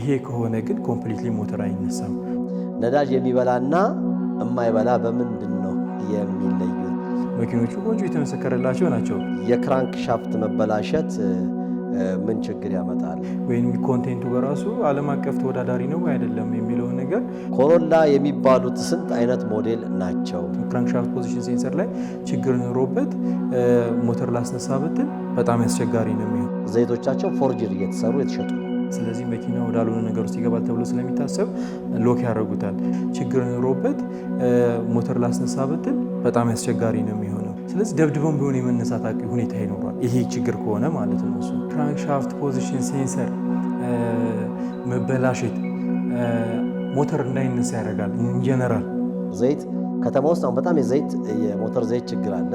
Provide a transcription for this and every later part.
ይሄ ከሆነ ግን ኮምፕሊትሊ ሞተር አይነሳም። ነዳጅ የሚበላና የማይበላ በምንድን ነው የሚለዩት? መኪኖቹ ቆንጆ የተመሰከረላቸው ናቸው። የክራንክ ሻፍት መበላሸት ምን ችግር ያመጣል? ወይም ኮንቴንቱ በራሱ ዓለም አቀፍ ተወዳዳሪ ነው አይደለም የሚለውን ነገር። ኮሮላ የሚባሉት ስንት አይነት ሞዴል ናቸው? ክራንክሻፍት ፖዚሽን ሴንሰር ላይ ችግር ኖሮበት ሞተር ላስነሳ ብትል በጣም ያስቸጋሪ ነው የሚሆን። ዘይቶቻቸው ፎርጅር እየተሰሩ የተሸጡ ስለዚህ መኪና ወዳልሆነ ነገር ውስጥ ይገባል ተብሎ ስለሚታሰብ ሎክ ያደርጉታል። ችግር ኖሮበት ሞተር ላስነሳ ብትል በጣም አስቸጋሪ ነው የሚሆነው። ስለዚህ ደብድበን ቢሆን የመነሳት ሁኔታ ይኖሯል። ይሄ ችግር ከሆነ ማለት ነው። እሱ ክራንክሻፍት ፖዚሽን ሴንሰር መበላሸት ሞተር እንዳይነሳ ያደርጋል። ኢንጀነራል ዘይት ከተማ ውስጥ አሁን በጣም የዘይት የሞተር ዘይት ችግር አለ።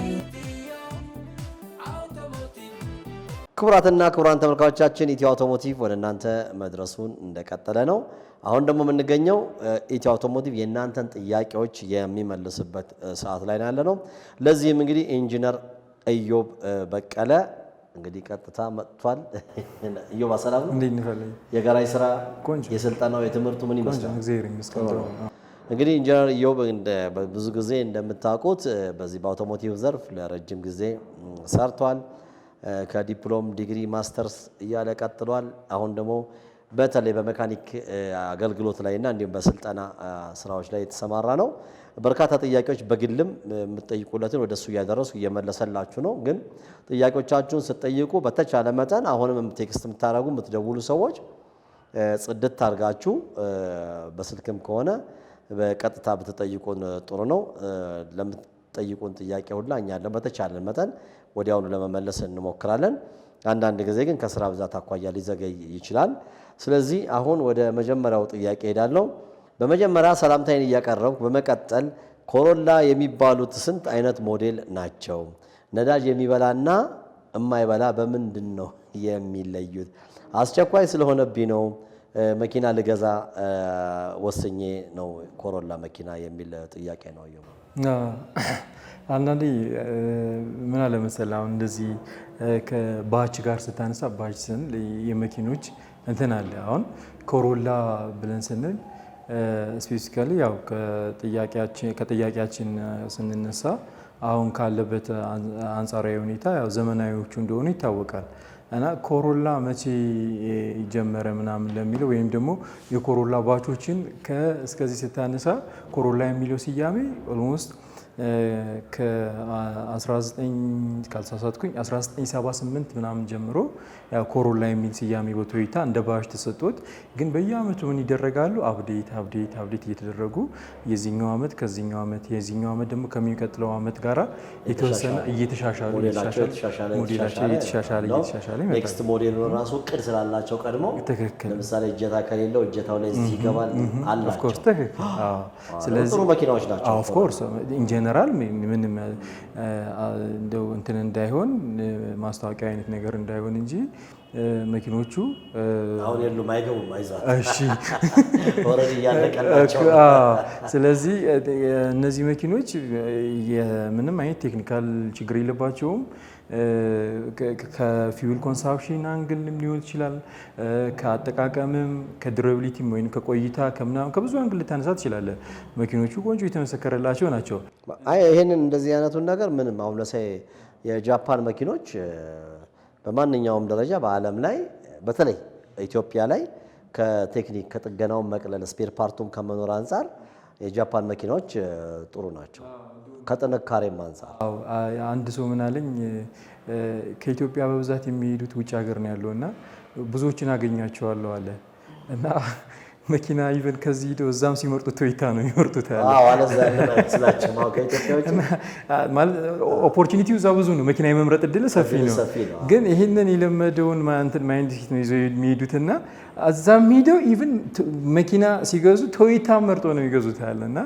ክቡራትና ክቡራን ተመልካቾቻችን ኢትዮ አውቶሞቲቭ ወደ እናንተ መድረሱን እንደቀጠለ ነው። አሁን ደግሞ የምንገኘው ኢትዮ አውቶሞቲቭ የእናንተን ጥያቄዎች የሚመልስበት ሰዓት ላይ ያለ ነው። ለዚህም እንግዲህ ኢንጂነር እዮብ በቀለ እንግዲህ ቀጥታ መጥቷል። ኢዮብ አሰላም ነው። የጋራጅ ስራ የስልጠናው የትምህርቱ ምን ይመስላል? እንግዲህ ኢንጂነር ኢዮብ ብዙ ጊዜ እንደምታውቁት በዚህ በአውቶሞቲቭ ዘርፍ ለረጅም ጊዜ ሰርቷል። ከዲፕሎም ዲግሪ፣ ማስተርስ እያለ ቀጥሏል። አሁን ደግሞ በተለይ በመካኒክ አገልግሎት ላይና እንዲሁም በስልጠና ስራዎች ላይ የተሰማራ ነው። በርካታ ጥያቄዎች በግልም የምትጠይቁለትን ወደ እሱ እያደረሱ እየመለሰላችሁ ነው። ግን ጥያቄዎቻችሁን ስትጠይቁ በተቻለ መጠን አሁንም ቴክስት የምታደረጉ የምትደውሉ ሰዎች ጽድት ታርጋችሁ በስልክም ከሆነ በቀጥታ ብትጠይቁን ጥሩ ነው። ለምትጠይቁን ጥያቄ ሁላ እኛለን በተቻለን መጠን ወዲያውኑ ለመመለስ እንሞክራለን። አንዳንድ ጊዜ ግን ከስራ ብዛት አኳያ ሊዘገይ ይችላል። ስለዚህ አሁን ወደ መጀመሪያው ጥያቄ ሄዳለሁ። በመጀመሪያ ሰላምታይን እያቀረብኩ በመቀጠል ኮሮላ የሚባሉት ስንት አይነት ሞዴል ናቸው? ነዳጅ የሚበላና የማይበላ በምንድን ነው የሚለዩት? አስቸኳይ ስለሆነብኝ ነው። መኪና ልገዛ ወስኜ ነው ኮሮላ መኪና የሚል ጥያቄ ነው። አንዳንዴ ምን አለመሰለህ አሁን እንደዚህ ከባች ጋር ስታነሳ ባች ስንል የመኪኖች እንትን አለ። አሁን ኮሮላ ብለን ስንል ስፔሲካሊ ያው ከጥያቄያችን ስንነሳ አሁን ካለበት አንጻራዊ ሁኔታ ያው ዘመናዊዎቹ እንደሆኑ ይታወቃል። እና ኮሮላ መቼ ጀመረ ምናምን ለሚለው ወይም ደግሞ የኮሮላ ባቾችን ከእስከዚህ ስታነሳ ኮሮላ የሚለው ስያሜ ኦልሞስት ካልተሳሳትኩኝ 1978 ምናምን ጀምሮ ኮሮላ የሚል ስያሜ በቶዮታ እንደ ተሰጥቶት፣ ግን በየአመቱ ምን ይደረጋሉ? አብዴት አብዴት አብዴት እየተደረጉ የዚኛው አመት ከዚኛው አመት የዚኛው አመት ደግሞ ከሚቀጥለው አመት የተወሰነ እየተሻሻሉ ሞዴላቸው እየተሻሻለ እየተሻሻለ ኔክስት ራሱ ስላላቸው ቀድሞ ትክክል፣ ለምሳሌ እጀታ ከሌለው እጀታው ላይ ይገባል አላቸው። ትክክል። ስለዚህ ጥሩ መኪናዎች ናቸው። ኦፍኮርስ ኢንጂነር ጀነራል ምንም እንደው እንትን እንዳይሆን ማስታወቂያ አይነት ነገር እንዳይሆን እንጂ መኪኖቹ አሁን ስለዚህ እነዚህ መኪኖች ምንም አይነት ቴክኒካል ችግር የለባቸውም። ከፊውል ኮንሳፕሽን አንግልም ሊሆን ይችላል፣ ከአጠቃቀምም፣ ከድረብሊቲም ወይም ከቆይታ ከምናምን ከብዙ አንግል ልታነሳ ትችላለ። መኪኖቹ ቆንጆ የተመሰከረላቸው ናቸው። ይህንን እንደዚህ አይነቱን ነገር ምንም አሁን ለሳይ የጃፓን መኪኖች በማንኛውም ደረጃ በዓለም ላይ በተለይ ኢትዮጵያ ላይ ከቴክኒክ ከጥገናው መቅለል ስፔር ፓርቱም ከመኖር አንጻር የጃፓን መኪናዎች ጥሩ ናቸው። ከጥንካሬም አንጻር አንድ ሰው ምናለኝ ከኢትዮጵያ በብዛት የሚሄዱት ውጭ ሀገር ነው ያለው እና ብዙዎችን አገኛቸዋለሁ አለ እና መኪና ኢቨን ከዚህ ሂደው እዛም ሲመርጡ ቶዮታ ነው የሚመርጡት። ኦፖርቹኒቲው እዛ ብዙ ነው፣ መኪና የመምረጥ እድል ሰፊ ነው። ግን ይህንን የለመደውን ማንትን ማይንድ ሴት ነው ይዘው የሚሄዱትና እዛም ሄደው ኢቨን መኪና ሲገዙ ቶዮታ መርጦ ነው ይገዙታል። እና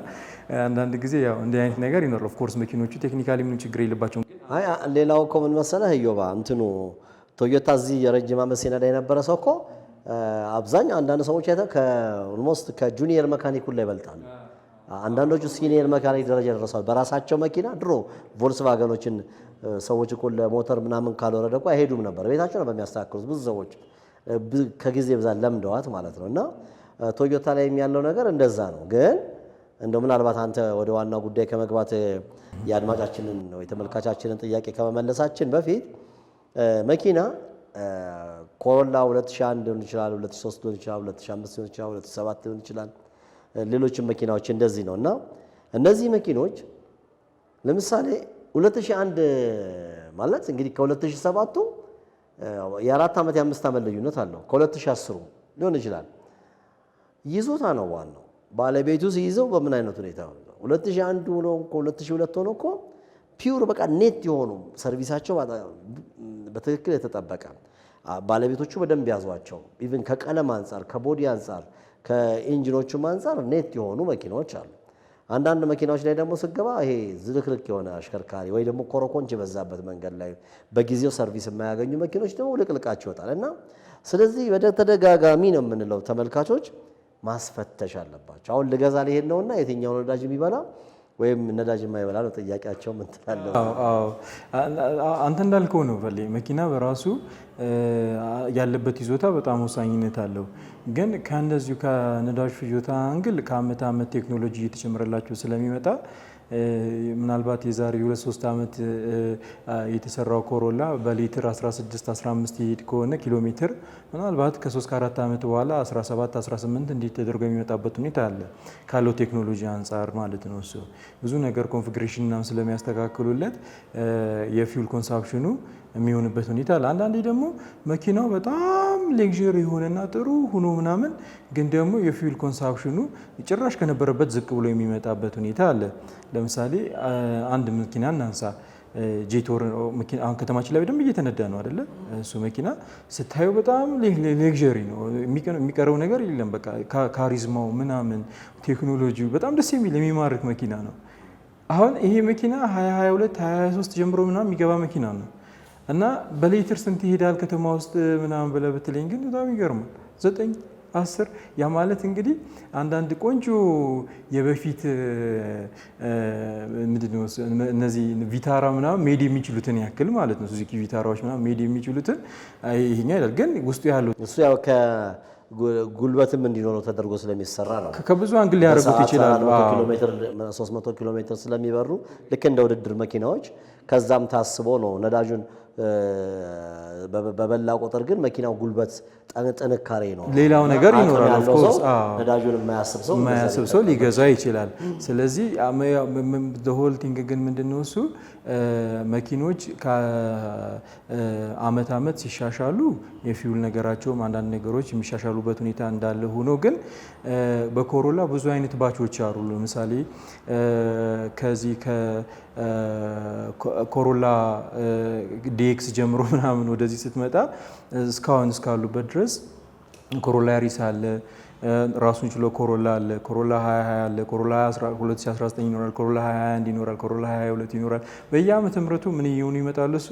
አንዳንድ ጊዜ ያው እንዲህ አይነት ነገር ይኖራል። ኦፍኮርስ መኪኖቹ ቴክኒካሊ ምንም ችግር የለባቸውም። ሌላው እኮ ምን መሰለህ እዮባ እንትኑ ቶዮታ እዚህ የረጅም ዓመት ሲነዳ የነበረ ሰው እኮ አብዛኛው አንዳንድ ሰዎች አይተ ከኦልሞስት ከጁኒየር መካኒክ ሁላ ይበልጣሉ። አንዳንዶቹ ሲኒየር መካኒክ ደረጃ ደርሰዋል። በራሳቸው መኪና ድሮ ቮልስቫገኖችን ሰዎች እኮ ለሞተር ምናምን ካልወረደ እኮ አይሄዱም ነበር። ቤታቸው ነው በሚያስተካክሉት ብዙ ሰዎች ከጊዜ ብዛት ለምደዋት ማለት ነው። እና ቶዮታ ላይ ያለው ነገር እንደዛ ነው። ግን እንደው ምናልባት አንተ ወደ ዋና ጉዳይ ከመግባት የአድማጫችንን ወይ ተመልካቻችንን ጥያቄ ከመመለሳችን በፊት መኪና ኮሮላ 2001 ሊሆን ይችላል፣ 2003 ሊሆን ይችላል፣ 2005 ሊሆን ይችላል፣ 2007 ሊሆን ይችላል። ሌሎችም መኪናዎች እንደዚህ ነው እና እነዚህ መኪኖች ለምሳሌ 2001 ማለት እንግዲህ ከ2007ቱ የአራት ዓመት የአምስት ዓመት ልዩነት አለው። ከ2010 ሊሆን ይችላል። ይዞታ ነው ዋናው። ባለቤቱ ሲይዘው በምን አይነት ሁኔታ ነው? 2001 ሆኖ 2002 ሆኖ እኮ ፒውር በቃ ኔት የሆኑ ሰርቪሳቸው በትክክል የተጠበቀ ባለቤቶቹ በደንብ ያዟቸው። ኢቭን ከቀለም አንጻር፣ ከቦዲ አንጻር፣ ከኢንጂኖቹም አንጻር ኔት የሆኑ መኪናዎች አሉ። አንዳንድ መኪናዎች ላይ ደግሞ ስገባ ይሄ ዝልክልክ የሆነ አሽከርካሪ ወይ ደግሞ ኮረኮንች የበዛበት መንገድ ላይ በጊዜው ሰርቪስ የማያገኙ መኪኖች ደግሞ ልቅልቃቸው ይወጣል እና ስለዚህ በተደጋጋሚ ተደጋጋሚ ነው የምንለው ተመልካቾች ማስፈተሽ አለባቸው። አሁን ልገዛ ሊሄድ ነውና የትኛውን ወዳጅ የሚበላ ወይም ነዳጅ የማይበላ ነው ጥያቄያቸው። ምን ትላለህ? አንተ እንዳልከው ነው በላይ መኪና በራሱ ያለበት ይዞታ በጣም ወሳኝነት አለው። ግን ከእንደዚሁ ከነዳጅ ፍጆታ አንግል ከአመት አመት ቴክኖሎጂ እየተጨመረላቸው ስለሚመጣ ምናልባት የዛሬ ሁለት ሶስት ዓመት የተሰራው ኮሮላ በሊትር 16 15 ይሄድ ከሆነ ኪሎ ሜትር ምናልባት ከ3 4 ዓመት በኋላ 17 18 እንዴት ተደርጎ የሚመጣበት ሁኔታ አለ ካለው ቴክኖሎጂ አንጻር ማለት ነው። እሱ ብዙ ነገር ኮንፊግሬሽን ናም ስለሚያስተካክሉለት የፊውል ኮንሳፕሽኑ የሚሆንበት ሁኔታ አለ። አንዳንዴ ደግሞ መኪናው በጣም ሌክዥሪ የሆነና ጥሩ ሁኖ ምናምን ግን ደግሞ የፊውል ኮንሳፕሽኑ ጭራሽ ከነበረበት ዝቅ ብሎ የሚመጣበት ሁኔታ አለ። ለምሳሌ አንድ መኪና እናንሳ። ጄቶር አሁን ከተማችን ላይ በደንብ እየተነዳ ነው አደለ? እሱ መኪና ስታየው በጣም ሌክዥሪ ነው። የሚቀረው ነገር የለም። በቃ ካሪዝማው ምናምን፣ ቴክኖሎጂው በጣም ደስ የሚል የሚማርክ መኪና ነው። አሁን ይሄ መኪና 2022 2023 ጀምሮ ምናምን የሚገባ መኪና ነው እና በሌትር ስንት ይሄዳል ከተማ ውስጥ ምናምን ብለህ ብትለኝ ግን በጣም ይገርማል። ዘጠኝ አስር ያ ማለት እንግዲህ አንዳንድ ቆንጆ የበፊት ምንድነው እነዚህ ቪታራ ምናምን ሜድ የሚችሉትን ያክል ማለት ነው። ሱዚኪ ቪታራዎች ምናምን ሜድ የሚችሉትን ይሄኛ ይላል። ግን ውስጡ ያለው እሱ ያው ጉልበትም እንዲኖረው ተደርጎ ስለሚሰራ ነው። ከብዙ አንግል ሊያደርጉት ይችላሉ። 300 ኪሎ ሜትር ስለሚበሩ ልክ እንደ ውድድር መኪናዎች ከዛም ታስቦ ነው ነዳጁን በበላ ቁጥር ግን መኪናው ጉልበት ጥንካሬ ነው። ሌላው ነገር ይኖራል። ኦፍኮርስ ነዳጁን የማያስብ ሰው የማያስብ ሊገዛ ይችላል። ስለዚህ ሆል ቲንግ ግን ምንድን ነው እሱ መኪኖች ከአመት አመት ሲሻሻሉ የፊውል ነገራቸውም አንዳንድ ነገሮች የሚሻሻሉበት ሁኔታ እንዳለ ሆኖ ግን በኮሮላ ብዙ አይነት ባቾች አሉ። ለምሳሌ ከዚህ ከኮሮላ ዲኤክስ ጀምሮ ምናምን ወደዚህ ስትመጣ እስካሁን እስካሉበት ድረስ ኮሮላ ያሪስ አለ ራሱን ችሎ ኮሮላ አለ፣ ኮሮላ 22 አለ፣ ኮሮላ 2019 ይኖራል፣ ኮሮላ 21 ይኖራል፣ ኮሮላ 22 ይኖራል። በየአመት ምረቱ ምን እየሆኑ ይመጣሉ? እሱ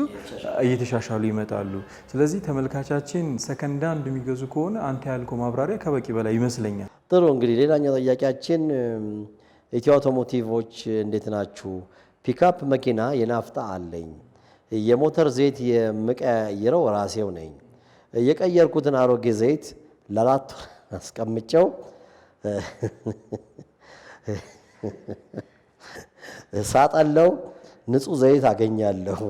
እየተሻሻሉ ይመጣሉ። ስለዚህ ተመልካቻችን ሰከንዳ ሃንድ የሚገዙ ከሆነ አንተ ያልከው ማብራሪያ ከበቂ በላይ ይመስለኛል። ጥሩ እንግዲህ ሌላኛው ጥያቄያችን ኢትዮ አውቶሞቲቮች እንዴት ናችሁ? ፒካፕ መኪና የናፍጣ አለኝ፣ የሞተር ዘይት የምቀያይረው ራሴው ነኝ። የቀየርኩትን አሮጌ ዘይት ለአራት አስቀምጨው ሳጠለው ንጹሕ ዘይት አገኛለሁ።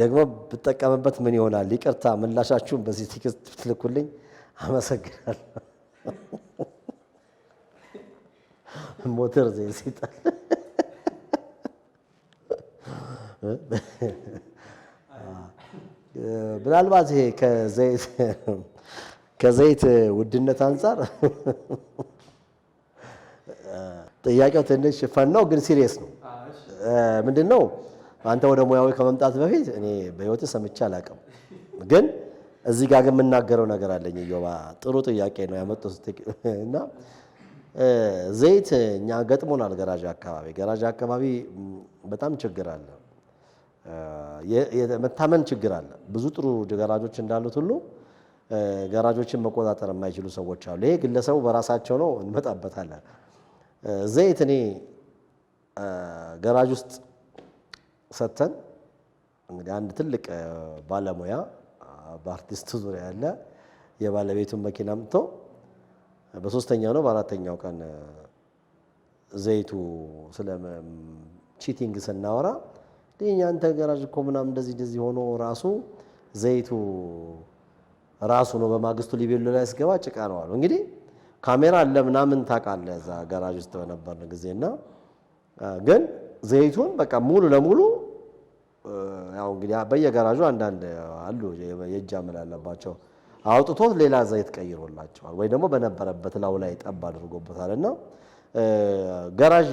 ደግሞ ብጠቀምበት ምን ይሆናል? ይቅርታ ምላሻችሁን በዚህ ቴክስት ብትልኩልኝ አመሰግናለሁ። ሞተር ዘይት ሲጣል ምናልባት ይሄ ከዘይት ከዘይት ውድነት አንጻር ጥያቄው ትንሽ ፈን ነው፣ ግን ሲሪየስ ነው። ምንድን ነው አንተ ወደ ሙያዊ ከመምጣት በፊት እኔ በህይወት ሰምቼ አላውቅም፣ ግን እዚህ ጋር ግን የምናገረው ነገር አለኝ። እዮባ ጥሩ ጥያቄ ነው ያመጡት እና ዘይት እኛ ገጥሞናል። ገራዥ አካባቢ ገራዥ አካባቢ በጣም ችግር አለ፣ መታመን ችግር አለ። ብዙ ጥሩ ገራጆች እንዳሉት ሁሉ ገራጆችን መቆጣጠር የማይችሉ ሰዎች አሉ። ይሄ ግለሰቡ በራሳቸው ነው፣ እንመጣበታለን። ዘይት እኔ ገራጅ ውስጥ ሰጥተን እንግዲህ አንድ ትልቅ ባለሙያ በአርቲስቱ ዙሪያ ያለ የባለቤቱን መኪና አምጥቶ በሶስተኛው ነው በአራተኛው ቀን ዘይቱ ስለ ቺቲንግ ስናወራ ይህ አንተ ገራጅ እኮ ምናምን እንደዚህ እንደዚህ ሆኖ ራሱ ዘይቱ ራሱ ነው። በማግስቱ ሊቤሉ ላይ ስገባ ጭቃ ነው አሉ። እንግዲህ ካሜራ አለ ምናምን ታውቃለህ፣ እዛ ጋራጅ ውስጥ በነበርን ጊዜና ግን ዘይቱን በቃ ሙሉ ለሙሉ ያው እንግዲህ በየገራዡ አንዳንድ አሉ የእጅ አመል ያለባቸው አውጥቶት ሌላ ዘይት ቀይሮላቸዋል፣ ወይ ደግሞ በነበረበት ላው ላይ ጠብ አድርጎበታል። እና ገራዥ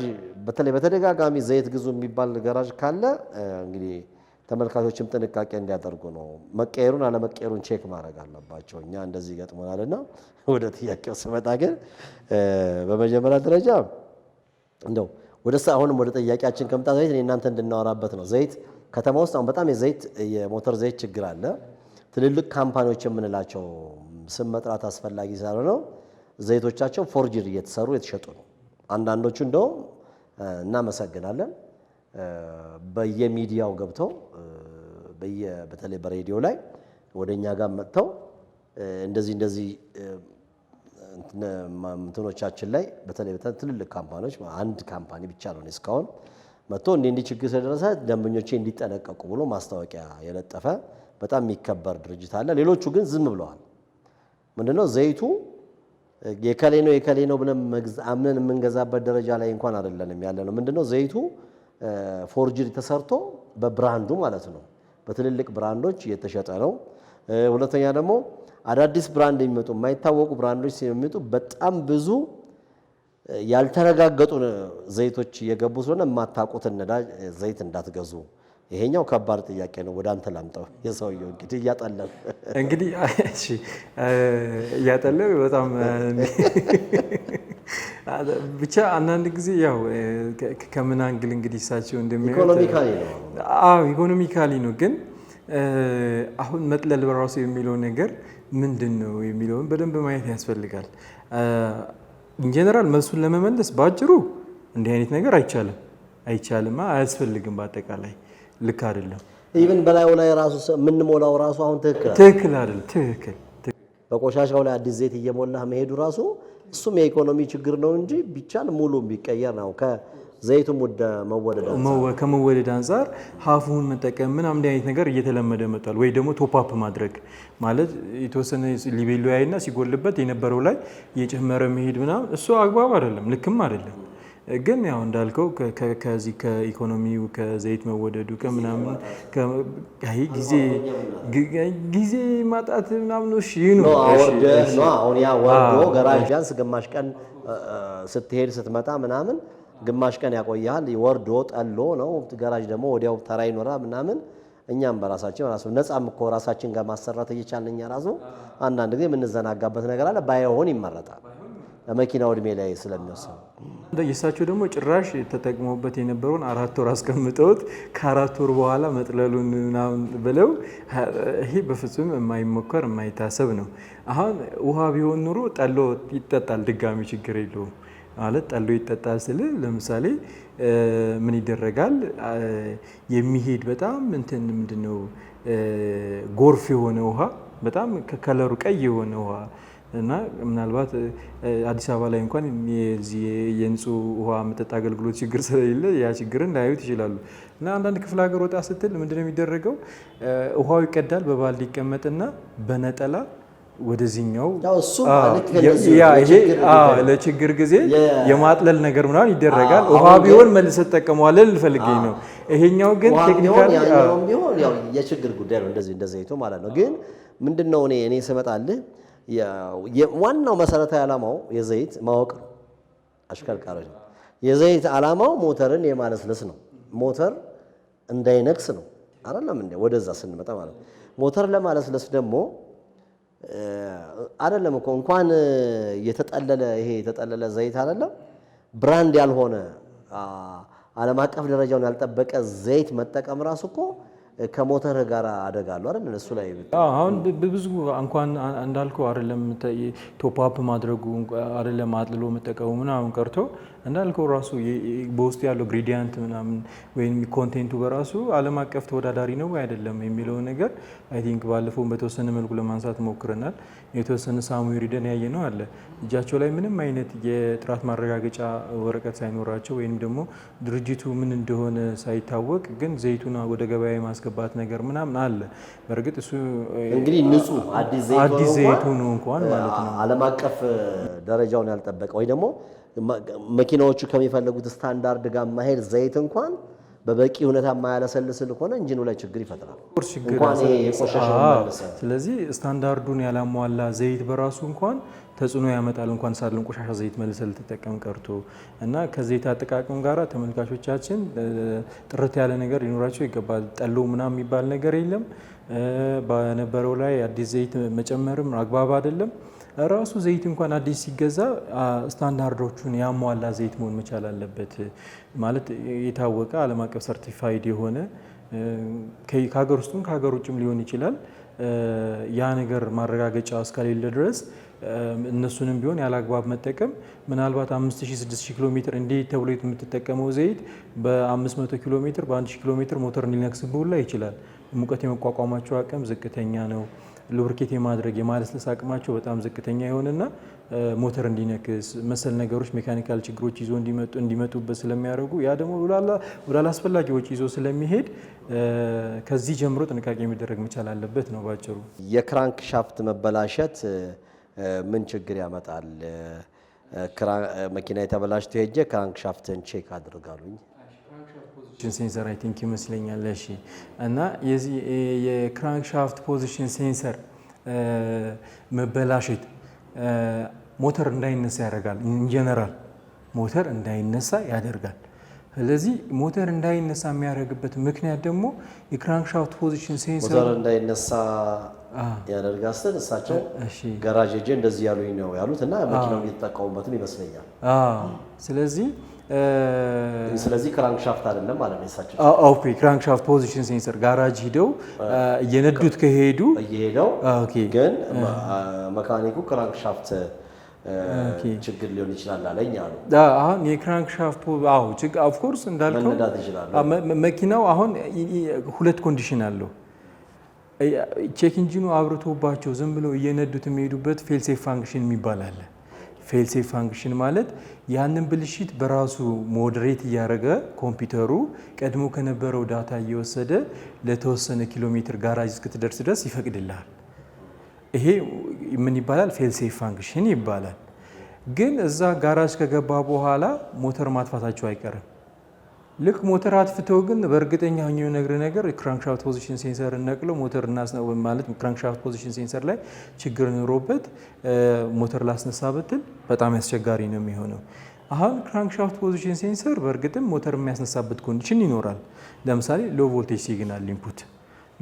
በተለይ በተደጋጋሚ ዘይት ግዙ የሚባል ገራዥ ካለ እንግዲህ ተመልካቾችም ጥንቃቄ እንዲያደርጉ ነው። መቀየሩን አለመቀየሩን ቼክ ማድረግ አለባቸው። እኛ እንደዚህ ገጥሞናልና፣ ወደ ጥያቄው ስመጣ ግን በመጀመሪያ ደረጃ እንደው ወደ አሁንም ወደ ጥያቄያችን ከመጣ ዘይት እናንተ እንድናወራበት ነው። ዘይት ከተማ ውስጥ አሁን በጣም የዘይት የሞተር ዘይት ችግር አለ። ትልልቅ ካምፓኒዎች የምንላቸው ስም መጥራት አስፈላጊ ሳለ ነው ዘይቶቻቸው ፎርጅድ እየተሰሩ የተሸጡ ነው። አንዳንዶቹ እንደውም እናመሰግናለን በየሚዲያው ገብተው በተለይ በሬዲዮ ላይ ወደ እኛ ጋር መጥተው እንደዚህ እንደዚህ እንትኖቻችን ላይ በተለይ ትልልቅ ካምፓኒዎች አንድ ካምፓኒ ብቻ ነው እስካሁን መጥቶ እንዲህ እንዲህ ችግር ስለደረሰ ደንበኞቼ እንዲጠነቀቁ ብሎ ማስታወቂያ የለጠፈ በጣም የሚከበር ድርጅት አለ። ሌሎቹ ግን ዝም ብለዋል። ምንድነው ዘይቱ የከሌ ነው የከሌ ነው ብለን አምነን የምንገዛበት ደረጃ ላይ እንኳን አይደለንም ያለ ነው። ምንድነው ዘይቱ ፎርጅሪ ተሰርቶ በብራንዱ ማለት ነው በትልልቅ ብራንዶች እየተሸጠ ነው። ሁለተኛ ደግሞ አዳዲስ ብራንድ የሚመጡ የማይታወቁ ብራንዶች የሚመጡ በጣም ብዙ ያልተረጋገጡ ዘይቶች እየገቡ ስለሆነ የማታውቁትን ዘይት እንዳትገዙ። ይሄኛው ከባድ ጥያቄ ነው። ወደ አንተ ላምጠው። የሰውየው እንግዲህ እያጠለብ እንግዲህ እሺ፣ በጣም ብቻ አንዳንድ ጊዜ ያው ከምን አንግል እንግዲህ እሳቸው ኢኮኖሚካሊ ነው ግን አሁን መጥለል በራሱ የሚለው ነገር ምንድን ነው የሚለውን በደንብ ማየት ያስፈልጋል። ኢንጀነራል መልሱን ለመመለስ በአጭሩ እንዲህ አይነት ነገር አይቻልም፣ አይቻልም፣ አያስፈልግም። በአጠቃላይ ልክ አይደለም። ኢቨን በላዩ ላይ ራሱ የምንሞላው ራሱ አሁን ትክክል ትክክል አይደለም። ትክክል በቆሻሻው ላይ አዲስ ዘይት እየሞላህ መሄዱ ራሱ እሱም የኢኮኖሚ ችግር ነው እንጂ ቢቻል ሙሉ ቢቀየር ነው። ዘይቱም ወደ መወደድ ከመወደድ አንጻር ሀፉን መጠቀም ምናምን እንዲህ አይነት ነገር እየተለመደ መጥቷል። ወይ ደግሞ ቶፓፕ ማድረግ ማለት የተወሰነ ሊቤሎ ያይና ሲጎልበት የነበረው ላይ የጨመረ መሄድ ምናምን እሱ አግባብ አይደለም፣ ልክም አይደለም። ግን ያው እንዳልከው ከዚህ ከኢኮኖሚው ከዘይት መወደዱ ከምናምን ጊዜ ጊዜ ማጣት ምናምን ሺ ይሁን ያ ወርዶ ገራዥ ቢያንስ ግማሽ ቀን ስትሄድ ስትመጣ ምናምን ግማሽ ቀን ያቆያል። ወርዶ ጠሎ ነው ገራዥ ደግሞ ወዲያው ተራ ይኖራ ምናምን እኛም በራሳችን ራሱ ነፃም እኮ ራሳችን ጋር ማሰራት እየቻለኛ ራሱ አንዳንድ ጊዜ የምንዘናጋበት ነገር አለ። ባይሆን ይመረጣል። መኪናው እድሜ ላይ ስለሚወሰኑ እንደየሳቸው ደግሞ ጭራሽ ተጠቅመውበት የነበረውን አራት ወር አስቀምጠውት ከአራት ወር በኋላ መጥለሉን ምናምን ብለው ይሄ በፍጹም የማይሞከር የማይታሰብ ነው። አሁን ውሃ ቢሆን ኑሮ ጠሎ ይጠጣል፣ ድጋሚ ችግር የለውም ማለት ጠሎ ይጠጣል ስል ለምሳሌ ምን ይደረጋል? የሚሄድ በጣም እንትን ምንድነው ጎርፍ የሆነ ውሃ በጣም ከከለሩ ቀይ የሆነ ውሃ እና ምናልባት አዲስ አበባ ላይ እንኳን የንጹህ ውሃ መጠጥ አገልግሎት ችግር ስለሌለ ያ ችግርን ላያዩት ይችላሉ። እና አንዳንድ ክፍለ ሀገር ወጣ ስትል ምንድነው የሚደረገው? ውሃው ይቀዳል፣ በባልዲ ይቀመጥና በነጠላ ወደዚህኛው ለችግር ጊዜ የማጥለል ነገር ምናምን ይደረጋል። ውሃ ቢሆን መልሰ ትጠቀመዋለህ ልፈልግ ነው። ይሄኛው ግን ቴክኒካል የችግር ጉዳይ ነው። እንደዚህ ማለት ነው። ግን ምንድን ነው እኔ እኔ ስመጣልህ ዋናው መሰረታዊ ዓላማው የዘይት ማወቅ ነው። አሽከርካሪዎች ነው። የዘይት ዓላማው ሞተርን የማለስለስ ነው። ሞተር እንዳይነክስ ነው። አይደለም እንዴ? ወደዛ ስንመጣ ማለት ነው። ሞተር ለማለስለስ ደግሞ አይደለም እኮ እንኳን የተጠለለ ይሄ የተጠለለ ዘይት አይደለም ብራንድ ያልሆነ ዓለም አቀፍ ደረጃውን ያልጠበቀ ዘይት መጠቀም ራሱ እኮ ከሞተር ጋር አደጋ አሉ አይደል? እሱ ላይ አሁን ብዙ እንኳን እንዳልከው አይደለም ቶፕአፕ ማድረጉ አይደለም አጥልሎ መጠቀሙ ምናምን ቀርቶ እንዳልከው ራሱ በውስጡ ያለው ግሪዲያንት ምናምን ወይም ኮንቴንቱ በራሱ ዓለም አቀፍ ተወዳዳሪ ነው አይደለም የሚለው ነገር አይ ቲንክ ባለፈው በተወሰነ መልኩ ለማንሳት ሞክረናል። የተወሰነ ሳሙኤል ሪደን ያየ ነው አለ እጃቸው ላይ ምንም አይነት የጥራት ማረጋገጫ ወረቀት ሳይኖራቸው ወይም ደግሞ ድርጅቱ ምን እንደሆነ ሳይታወቅ ግን ዘይቱን ወደ ገበያ የማስገባት ነገር ምናምን አለ። በእርግጥ እሱ እንግዲህ ንጹህ አዲስ ዘይቱ ነው እንኳን ማለት ነው ዓለም አቀፍ ደረጃውን ያልጠበቀ ወይ ደግሞ መኪናዎቹ ከሚፈለጉት ስታንዳርድ ጋር ማሄድ ዘይት እንኳን በበቂ ሁኔታ የማያለሰልስል ከሆነ እንጂኑ ላይ ችግር ይፈጥራል። እንኳን ስለዚህ ስታንዳርዱን ያላሟላ ዘይት በራሱ እንኳን ተጽዕኖ ያመጣል። እንኳን ሳለን ቆሻሻ ዘይት መልሰ ልትጠቀም ቀርቶ እና ከዘይት አጠቃቀም ጋር ተመልካቾቻችን ጥርት ያለ ነገር ሊኖራቸው ይገባል። ጠሎ ምናምን የሚባል ነገር የለም። በነበረው ላይ አዲስ ዘይት መጨመርም አግባብ አይደለም። ራሱ ዘይት እንኳን አዲስ ሲገዛ ስታንዳርዶቹን ያሟላ ዘይት መሆን መቻል አለበት። ማለት የታወቀ ዓለም አቀፍ ሰርቲፋይድ የሆነ ከሀገር ውስጡም ከሀገር ውጭም ሊሆን ይችላል። ያ ነገር ማረጋገጫ እስከሌለ ድረስ እነሱንም ቢሆን ያላግባብ መጠቀም ምናልባት 5600 ኪሎ ሜትር እንዲህ ተብሎ የምትጠቀመው ዘይት በ500 ኪሎ ሜትር በ1000 ኪሎ ሜትር ሞተር ሊነክስ ሁላ ይችላል። ሙቀት የመቋቋማቸው አቅም ዝቅተኛ ነው። ሉብሪኬት የማድረግ የማለስለስ አቅማቸው በጣም ዝቅተኛ የሆነና ሞተር እንዲነክስ መሰል ነገሮች ሜካኒካል ችግሮች ይዞ እንዲመጡበት ስለሚያደርጉ ያ ደግሞ ወደ አላስፈላጊ ወጪ ይዞ ስለሚሄድ ከዚህ ጀምሮ ጥንቃቄ የሚደረግ መቻል አለበት ነው ባጭሩ። የክራንክ ሻፍት መበላሸት ምን ችግር ያመጣል? መኪና የተበላሽ ሄጄ ክራንክ ሻፍትን ቼክ አድርጋሉኝ ፖዚሽን ሴንሰር አይ ቲንክ ይመስለኛል። እሺ። እና የዚህ ሻፍት ፖዚሽን ሴንሰር መበላሸት ሞተር እንዳይነሳ ያደርጋል። ኢንጀነራል ሞተር እንዳይነሳ ያደርጋል። ስለዚህ ሞተር እንዳይነሳ የሚያደርግበት ምክንያት ደግሞ የክራንክ ሻፍት ፖዚሽን ሴንሰር ሞተር እንዳይነሳ ያደርጋል ስል እሳቸው ጋራጅ ሄጄ እንደዚህ ያሉኝ ነው ያሉት እና መኪናው እየተጠቀሙበትም ይመስለኛል። ስለዚህ ስለዚህ ክራንክሻፍት አይደለም ማለት ነው የሳቸው። ኦኬ ክራንክሻፍት ፖዚሽን ሴንሰር ጋራጅ ሂደው እየነዱት ከሄዱ እየሄደው ግን መካኒኩ ክራንክሻፍት ችግር ሊሆን ይችላል አለኝ አሉ። አሁን የክራንክሻፍት አዎ ችግር ኦፍኮርስ እንዳልከው መኪናው አሁን ሁለት ኮንዲሽን አለው። ቼክ ኢንጂኑ አብርቶባቸው ዝም ብለው እየነዱት የሚሄዱበት ፌልሴፍ ፋንክሽን የሚባል አለ። ፌልሴፍ ፋንክሽን ማለት ያንን ብልሽት በራሱ ሞዴሬት እያደረገ ኮምፒውተሩ ቀድሞ ከነበረው ዳታ እየወሰደ ለተወሰነ ኪሎ ሜትር ጋራጅ እስክትደርስ ድረስ ይፈቅድልሃል። ይሄ ምን ይባላል? ፌልሴፍ ፋንክሽን ይባላል። ግን እዛ ጋራጅ ከገባ በኋላ ሞተር ማጥፋታቸው አይቀርም። ልክ ሞተር አትፍተው ግን በእርግጠኛ ሆኜ የምነግርህ ነገር ክራንክሻፍት ፖዚሽን ሴንሰር ነቅለው ሞተር እናስነው ማለት ክራንክሻፍት ፖዚሽን ሴንሰር ላይ ችግር ኑሮበት ሞተር ላስነሳ ብትል በጣም ያስቸጋሪ ነው የሚሆነው። አሁን ክራንክሻፍት ፖዚሽን ሴንሰር በእርግጥም ሞተር የሚያስነሳበት ኮንዲሽን ይኖራል። ለምሳሌ ሎ ቮልቴጅ ሲግናል ኢንፑት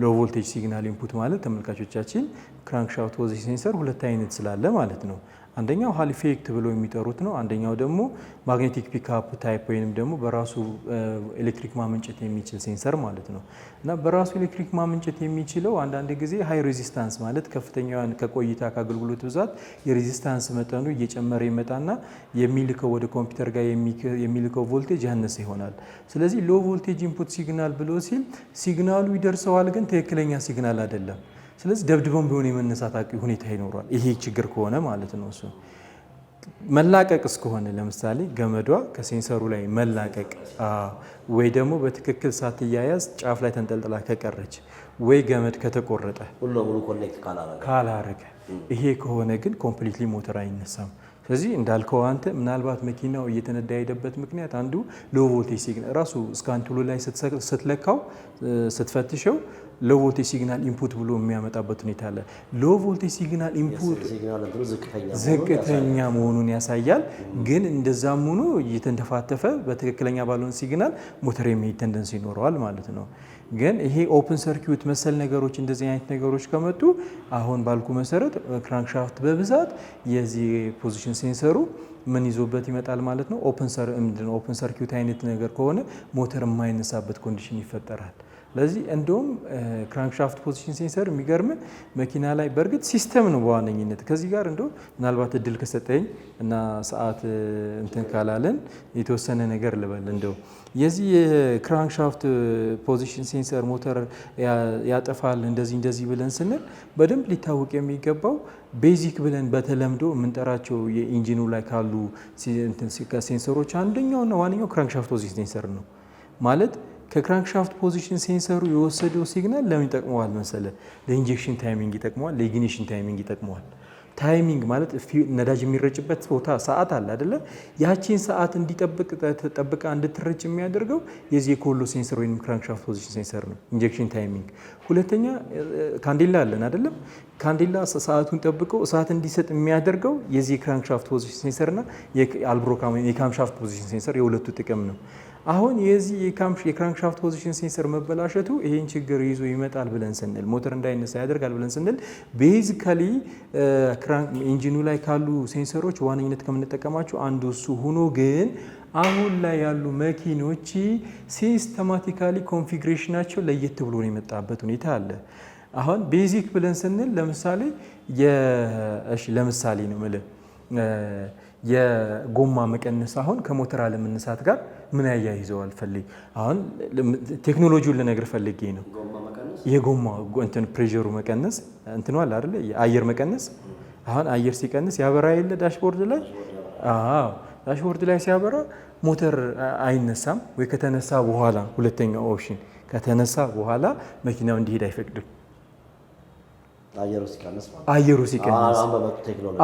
ሎ ቮልቴጅ ሲግናል ኢንፑት ማለት ተመልካቾቻችን ክራንክሻፍት ፖዚሽን ሴንሰር ሁለት አይነት ስላለ ማለት ነው። አንደኛው ሃል ኢፌክት ብለው የሚጠሩት ነው። አንደኛው ደግሞ ማግኔቲክ ፒክአፕ ታይፕ ወይንም ደግሞ በራሱ ኤሌክትሪክ ማመንጨት የሚችል ሴንሰር ማለት ነው እና በራሱ ኤሌክትሪክ ማመንጨት የሚችለው አንዳንድ ጊዜ ሃይ ሬዚስታንስ ማለት ከፍተኛውን ከቆይታ ከአገልግሎት ብዛት የሬዚስታንስ መጠኑ እየጨመረ ይመጣና የሚልከው ወደ ኮምፒውተር ጋር የሚልከው ቮልቴጅ ያነሰ ይሆናል። ስለዚህ ሎ ቮልቴጅ ኢንፑት ሲግናል ብሎ ሲል ሲግናሉ ይደርሰዋል፣ ግን ትክክለኛ ሲግናል አይደለም። ስለዚህ ደብድበን ቢሆን የመነሳት ሁኔታ ይኖሯል። ይሄ ችግር ከሆነ ማለት ነው። እሱ መላቀቅ እስከሆነ ለምሳሌ ገመዷ ከሴንሰሩ ላይ መላቀቅ ወይ ደግሞ በትክክል ሳትያያዝ ጫፍ ላይ ተንጠልጥላ ከቀረች ወይ ገመድ ከተቆረጠ ካላረገ ይሄ ከሆነ ግን ኮምፕሊትሊ ሞተር አይነሳም። ስለዚህ እንዳልከው አንተ ምናልባት መኪናው እየተነዳ የሄደበት ምክንያት አንዱ ሎ ቮልቴጅ ሲግናል ራሱ እስካንቱሉ ላይ ስትለካው ስትፈትሸው ሎ ቮልቴጅ ሲግናል ኢንፑት ብሎ የሚያመጣበት ሁኔታ አለ። ሎ ቮልቴጅ ሲግናል ኢንፑት ዝቅተኛ መሆኑን ያሳያል። ግን እንደዛም ሆኖ እየተንተፋተፈ በትክክለኛ ባልሆን ሲግናል ሞተር የሚሄድ ተንደንስ ይኖረዋል ማለት ነው። ግን ይሄ ኦፕን ሰርኪዩት መሰል ነገሮች እንደዚህ አይነት ነገሮች ከመጡ አሁን ባልኩ መሰረት ክራንክሻፍት በብዛት የዚህ ፖዚሽን ሴንሰሩ ምን ይዞበት ይመጣል ማለት ነው። ኦፕን ሰርኪዩት አይነት ነገር ከሆነ ሞተር የማይነሳበት ኮንዲሽን ይፈጠራል። ለዚህ እንደውም ክራንክሻፍት ፖዚሽን ሴንሰር የሚገርም መኪና ላይ በእርግጥ ሲስተም ነው በዋነኝነት ከዚህ ጋር እንደው ምናልባት እድል ከሰጠኝ እና ሰዓት እንትን ካላለን የተወሰነ ነገር ልበል እንደው የዚህ የክራንክሻፍት ፖዚሽን ሴንሰር ሞተር ያጠፋል እንደዚህ እንደዚህ ብለን ስንል በደንብ ሊታወቅ የሚገባው ቤዚክ ብለን በተለምዶ የምንጠራቸው የኢንጂኑ ላይ ካሉ ሴንሰሮች አንደኛውና ዋነኛው ክራንክሻፍት ፖዚሽን ሴንሰር ነው ማለት ከክራንክሻፍት ፖዚሽን ሴንሰሩ የወሰደው ሲግናል ለምን ይጠቅመዋል መሰለ? ለኢንጀክሽን ታይሚንግ ይጠቅመዋል፣ ለኢግኒሽን ታይሚንግ ይጠቅመዋል። ታይሚንግ ማለት ነዳጅ የሚረጭበት ቦታ ሰዓት አለ አደለ? ያቺን ሰዓት እንዲጠብቅ ተጠብቃ እንድትረጭ የሚያደርገው የዚህ የኮሎ ሴንሰር ወይም ክራንክሻፍት ፖዚሽን ሴንሰር ነው፣ ኢንጀክሽን ታይሚንግ። ሁለተኛ ካንዴላ አለን አይደለም? ካንዴላ ሰዓቱን ጠብቀው እሳት እንዲሰጥ የሚያደርገው የዚህ የክራንክሻፍት ፖዚሽን ሴንሰርና የአልብሮካም የካምሻፍት ፖዚሽን ሴንሰር የሁለቱ ጥቅም ነው። አሁን የዚህ የክራንክሻፍት ፖዚሽን ሴንሰር መበላሸቱ ይሄን ችግር ይዞ ይመጣል ብለን ስንል ሞተር እንዳይነሳ ያደርጋል ብለን ስንል ቤዚካሊ ኢንጂኑ ላይ ካሉ ሴንሰሮች ዋነኝነት ከምንጠቀማቸው አንዱ እሱ ሆኖ ግን አሁን ላይ ያሉ መኪኖች ሲስተማቲካሊ ኮንፊግሬሽናቸው ለየት ብሎ ነው የመጣበት ሁኔታ አለ። አሁን ቤዚክ ብለን ስንል ለምሳሌ ለምሳሌ ነው ምልህ የጎማ መቀነስ አሁን ከሞተር አለመነሳት ጋር ምን ያያይዘዋል? ፈልግ አሁን ቴክኖሎጂውን ልነግር ፈልጌ ነው። የጎማ እንትን ፕሬሩ መቀነስ እንትን አለ አይደለ? የአየር መቀነስ አሁን አየር ሲቀንስ ያበራ የለ ዳሽቦርድ ላይ ዳሽቦርድ ላይ ሲያበራ ሞተር አይነሳም ወይ ከተነሳ በኋላ ሁለተኛው ኦፕሽን ከተነሳ በኋላ መኪናው እንዲሄድ አይፈቅድም። አየሩ ሲቀንስ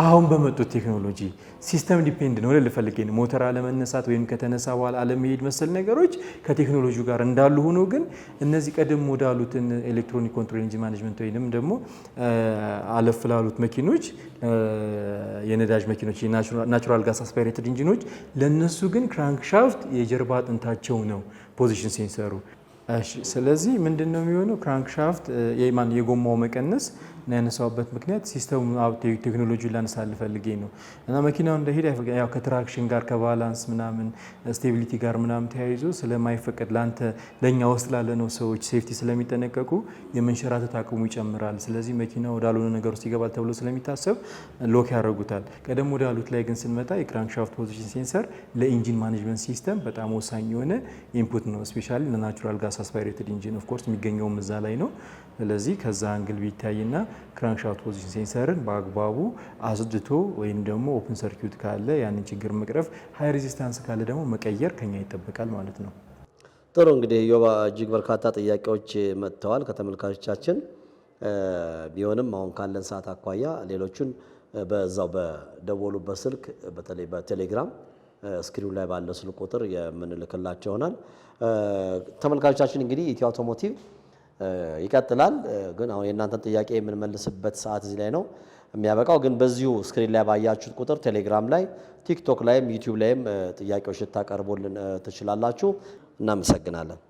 አሁን በመጡት ቴክኖሎጂ ሲስተም ዲፔንድ ነው ልፈልጌ ሞተር አለመነሳት ወይም ከተነሳ በኋላ አለመሄድ መሰል ነገሮች ከቴክኖሎጂ ጋር እንዳሉ ሆኖ ግን እነዚህ ቀደም ወዳሉትን ኤሌክትሮኒክ ኮንትሮል ኢንጂን ማኔጅመንት ወይንም ደግሞ አለፍ ላሉት መኪኖች የነዳጅ መኪኖች ናቹራል ጋስ አስፓይሬትድ ኢንጂኖች ለእነሱ ግን ክራንክሻፍት የጀርባ አጥንታቸው ነው ፖዚሽን ሴንሰሩ። ስለዚህ ምንድን ነው የሚሆነው ክራንክሻፍት የጎማው መቀነስ እና ያነሳውበት ምክንያት ሲስተሙ ቴክኖሎጂ ላነሳል ፈልጌ ነው እና መኪናው እንደሄድ ያው ከትራክሽን ጋር ከባላንስ ምናምን ስቴቢሊቲ ጋር ምናምን ተያይዞ ስለማይፈቀድ ለአንተ ለእኛ ውስጥ ነው ሰዎች ሴፍቲ ስለሚጠነቀቁ የመንሸራተት አቅሙ ይጨምራል። ስለዚህ መኪናው ወዳልሆነ ነገር ውስጥ ይገባል ተብሎ ስለሚታሰብ ሎክ ያደርጉታል። ቀደም ወዳሉት ላይ ግን ስንመጣ የክራንክሻፍት ፖዚሽን ሴንሰር ለኢንጂን ማኔጅመንት ሲስተም በጣም ወሳኝ የሆነ ኢንፑት ነው። ስፔሻሊ ለናቹራል ጋስ አስፓይሬትድ ኢንጂን ኦፍኮርስ የሚገኘውም እዛ ላይ ነው። ስለዚህ ከዛ አንግል ቢታይና ክራንክሻፍት ፖዚሽን ሴንሰርን በአግባቡ አስድቶ ወይም ደግሞ ኦፕን ሰርኪዩት ካለ ያንን ችግር መቅረፍ፣ ሀይ ሬዚስታንስ ካለ ደግሞ መቀየር ከኛ ይጠበቃል ማለት ነው። ጥሩ እንግዲህ ዮባ እጅግ በርካታ ጥያቄዎች መጥተዋል ከተመልካቾቻችን። ቢሆንም አሁን ካለን ሰዓት አኳያ ሌሎቹን በዛው በደወሉበት ስልክ በተለይ በቴሌግራም ስክሪኑ ላይ ባለ ስልክ ቁጥር የምንልክላቸው ይሆናል። ተመልካቾቻችን እንግዲህ ኢትዮ አውቶሞቲቭ ይቀጥላል። ግን አሁን የእናንተን ጥያቄ የምንመልስበት ሰዓት እዚህ ላይ ነው የሚያበቃው። ግን በዚሁ ስክሪን ላይ ባያችሁት ቁጥር ቴሌግራም ላይ፣ ቲክቶክ ላይም ዩቲዩብ ላይም ጥያቄዎች ልታቀርቡልን ትችላላችሁ። እናመሰግናለን።